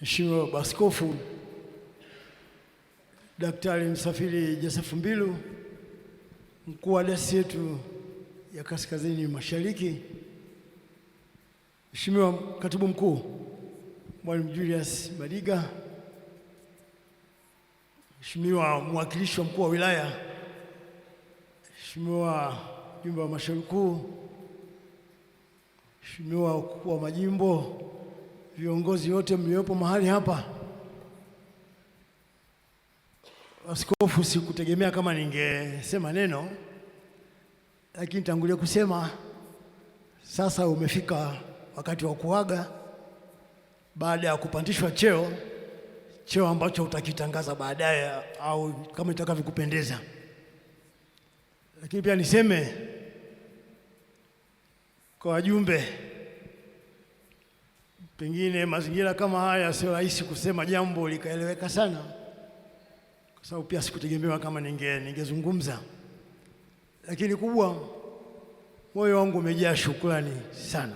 Mheshimiwa Baskofu Daktari Msafiri Josefu Mbilu, mkuu wa dasi yetu ya Kaskazini Mashariki, Mheshimiwa Katibu Mkuu Mwalimu Julius Madiga, Mheshimiwa mwakilishi wa mkuu wa wilaya Mheshimiwa mjumbe wa halmashauri kuu, Mheshimiwa ukuu wa majimbo, viongozi wote mliopo mahali hapa, Askofu, sikutegemea kama ningesema neno, lakini tangulia kusema sasa umefika wakati wa kuaga baada ya kupandishwa cheo, cheo ambacho utakitangaza baadaye au kama itakavyokupendeza. Lakini pia niseme kwa wajumbe, pengine mazingira kama haya sio rahisi kusema jambo likaeleweka sana, kwa sababu pia sikutegemewa kama ninge ningezungumza, lakini kubwa, moyo wangu umejaa shukrani sana,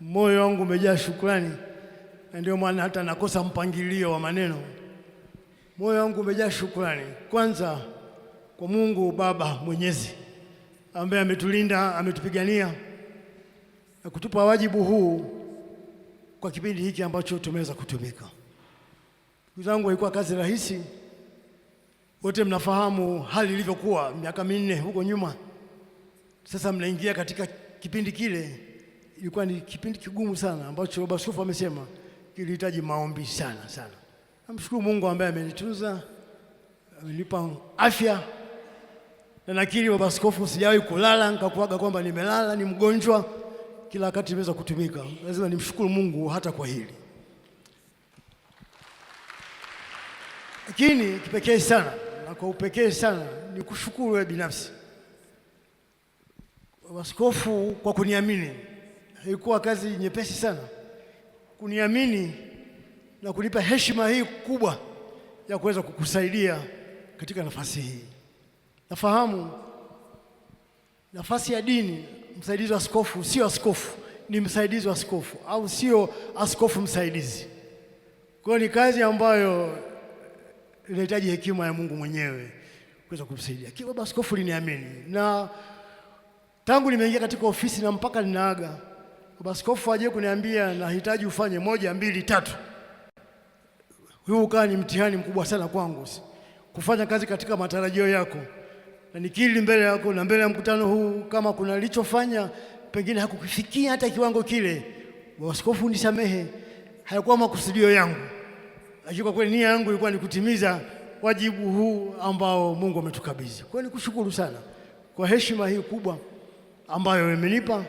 moyo wangu umejaa shukrani, na ndio maana hata nakosa mpangilio wa maneno. Moyo wangu umejaa shukrani kwanza kwa Mungu Baba Mwenyezi ambaye ametulinda, ametupigania na kutupa wajibu huu kwa kipindi hiki ambacho tumeweza kutumika. Ndugu zangu, haikuwa kazi rahisi. Wote mnafahamu hali ilivyokuwa miaka minne huko nyuma. Sasa mnaingia katika kipindi kile, ilikuwa ni kipindi kigumu sana ambacho Baba Askofu amesema kilihitaji maombi sana sana. Namshukuru Mungu ambaye amenitunza, amenipa afya na nakiri baba askofu, sijawahi kulala nikakuaga kwamba nimelala, ni mgonjwa, kila wakati imeweza kutumika. Lazima nimshukuru Mungu hata kwa hili. Lakini kipekee sana na kwa upekee sana ni kushukuru wewe binafsi baba askofu kwa kuniamini. Haikuwa kazi nyepesi sana kuniamini na kunipa heshima hii kubwa ya kuweza kukusaidia katika nafasi hii. Nafahamu nafasi ya dini, msaidizi wa askofu sio askofu, ni msaidizi wa askofu, au sio askofu msaidizi. Kwa hiyo ni kazi ambayo inahitaji hekima ya Mungu mwenyewe kuweza kumsaidia. Kile baba askofu liniamini, na tangu nimeingia katika ofisi na mpaka ninaaga, baba askofu aje kuniambia nahitaji ufanye moja, mbili, tatu. Huu ukawa ni mtihani mkubwa sana kwangu kufanya kazi katika matarajio yako na nikiri mbele yako na mbele ya mkutano huu, kama kuna lichofanya pengine hakukifikia hata kiwango kile, waskofu nisamehe, hayakuwa makusudio yangu, lakini kwa kweli nia yangu ilikuwa ni kutimiza wajibu huu ambao Mungu ametukabidhi. Kwa hiyo nikushukuru sana kwa heshima hii kubwa ambayo umenipa,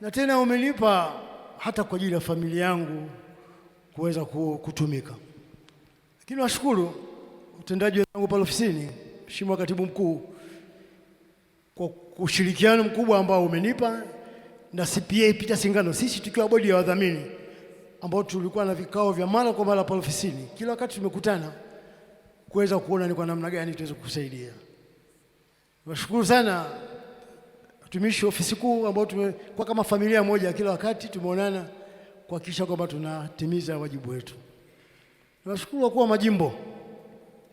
na tena umenipa hata kwa ajili ya familia yangu kuweza kutumika. Lakini washukuru utendaji wangu pale ofisini Mheshimiwa Katibu Mkuu, kwa ushirikiano mkubwa ambao umenipa na CPA Peter Singano, sisi tukiwa bodi ya wadhamini ambao tulikuwa na vikao vya mara kwa mara pale ofisini, kila wakati tumekutana kuweza kuona ni kwa namna gani tuweze kukusaidia. Nashukuru sana watumishi ofisi kuu ambao tumekuwa kama familia moja, kila wakati tumeonana kuhakikisha kwamba tunatimiza wajibu wetu. Nashukuru wakuu wa majimbo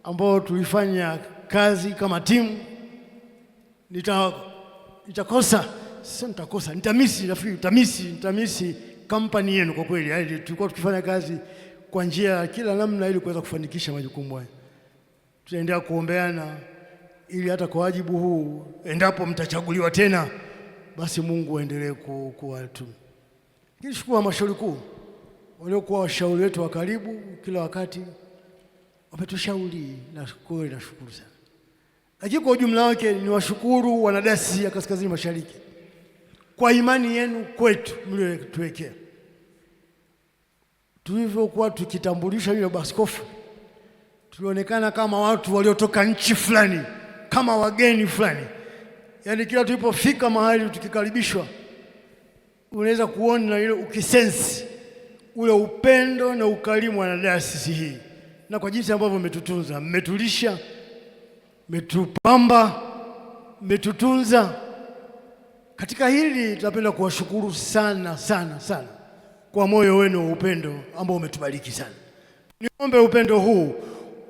ambao tulifanya kazi kama timu, nita nitakosa sasa, nitakosa nitamisi, nafikiri nitamisi, nitamisi kampani yenu kwa kweli. yani tulikuwa tukifanya kazi kwa njia ya kila namna ili kuweza kufanikisha majukumu haya. Tutaendelea kuombeana ili hata kwa wajibu huu, endapo mtachaguliwa tena, basi Mungu aendelee kuwa tu. Nishukuru halmashauri kuu waliokuwa washauri wetu wa karibu kila wakati wametushauri na kweli nashukuru sana. Lakini kwa ujumla wake ni washukuru wanadasi ya Kaskazini Mashariki kwa imani yenu kwetu mliotuwekea. Tulivyokuwa tukitambulisha yule baskofu, tulionekana kama watu waliotoka nchi fulani, kama wageni fulani. Yaani kila tulipofika mahali tukikaribishwa, unaweza kuona ile, ukisensi ule upendo na ukarimu wa wanadayosisi hii, na kwa jinsi ambavyo mmetutunza, mmetulisha metupamba, metutunza. Katika hili tunapenda kuwashukuru sana sana sana kwa moyo wenu wa upendo ambao umetubariki sana. Niombe upendo huu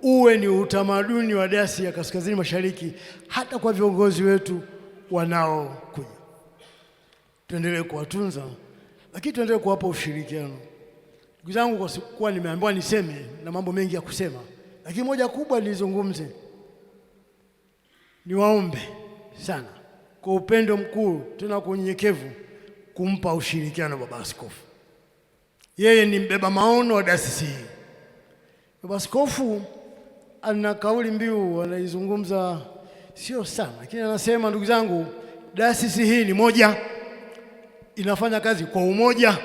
uwe ni utamaduni wa dasi ya Kaskazini Mashariki hata kwa viongozi wetu wanaokuja. Tuendelee kuwatunza, lakini tuendelee kuwapa ushirikiano. Ndugu zangu, kwa kuwa nimeambiwa niseme na mambo mengi ya kusema, lakini moja kubwa nilizungumze niwaombe sana kwa upendo mkuu tena kwa unyenyekevu kumpa ushirikiano Baba Askofu. Yeye ni mbeba maono wa dayosisi hii. Baba Askofu ana kauli mbiu anaizungumza sio sana, lakini anasema, ndugu zangu, dayosisi hii ni moja, inafanya kazi kwa umoja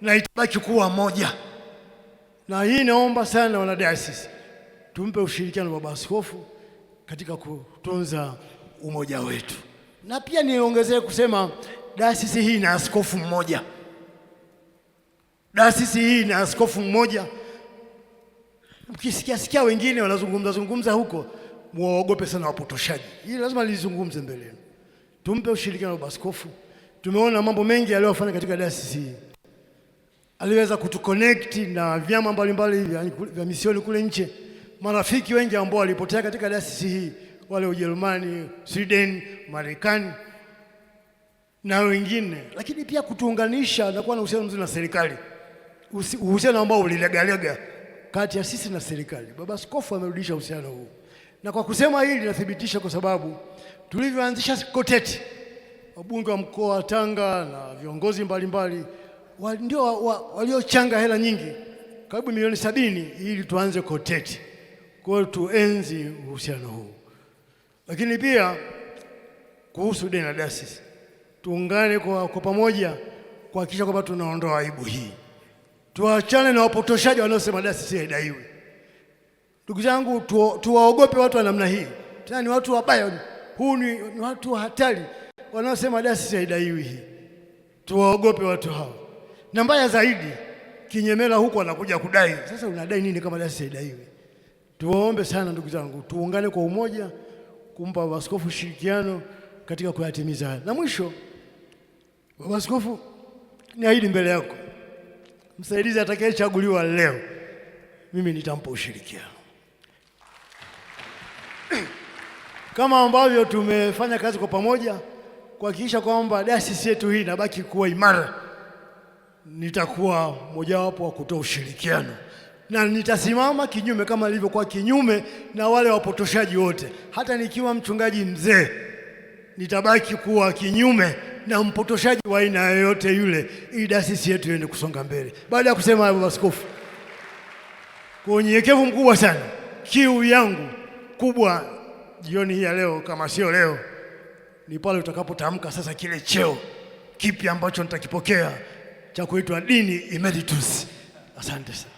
na itabaki kuwa moja, na hii naomba sana wanadayosisi tumpe ushirikiano Baba Askofu katika kutunza umoja wetu. Na pia niongezee kusema dayosisi hii ina askofu mmoja, dayosisi hii ina askofu mmoja. Mkisikia sikia wengine wanazungumza zungumza huko, muwaogope sana wapotoshaji. Hili lazima lizungumze mbele tumpe ushirikiano wa baskofu. Tumeona mambo mengi aliyofanya katika dayosisi hii, aliweza kutukonekti na vyama mbalimbali vya misioni kule nje marafiki wengi ambao walipotea katika dasisi hii, wale Ujerumani, Sweden, Marekani na wengine, lakini pia kutuunganisha na kuwa na uhusiano mzuri na serikali, uhusiano ambao ulilegalega kati ya sisi na serikali. Baba Askofu amerudisha uhusiano huu, na kwa kusema hili nathibitisha, kwa sababu tulivyoanzisha koteti, wabunge wa mkoa wa Tanga na viongozi mbalimbali ndio waliochanga wa, wa, hela nyingi karibu milioni sabini ili tuanze koteti kwa hiyo tuenzi uhusiano huu, lakini pia kuhusu DENADASIS tuungane kwa, kwa pamoja kuhakikisha kwamba tunaondoa aibu hii, tuachane na wapotoshaji wanaosema DASIS haidaiwi. Ndugu zangu, tuwaogope tu watu wa namna hii, tena ni watu wabaya, huu ni, ni watu wa hatari wanaosema DASIS haidaiwi hii, tuwaogope watu hao, na mbaya zaidi kinyemela huko wanakuja kudai. Sasa unadai nini kama DASIS haidaiwi? Tuwaombe sana ndugu zangu, tuungane kwa umoja kumpa waskofu ushirikiano katika kuyatimiza haya. Na mwisho, waskofu, ahidi mbele yako, msaidizi atakayechaguliwa leo, mimi nitampa ushirikiano kama ambavyo tumefanya kazi kwa pamoja kuhakikisha kwamba dayosisi yetu hii inabaki kuwa imara. Nitakuwa mojawapo wa kutoa ushirikiano na nitasimama kinyume kama nilivyokuwa kinyume na wale wapotoshaji wote. Hata nikiwa mchungaji mzee, nitabaki kuwa kinyume na mpotoshaji wa aina yoyote yule, ili taasisi yetu iende kusonga mbele. Baada ya kusema hayo, Askofu, kwa unyenyekevu mkubwa sana, kiu yangu kubwa jioni hii ya leo, kama sio leo, ni pale utakapotamka sasa kile cheo kipya ambacho nitakipokea cha kuitwa dini Emeritus. Asante sana.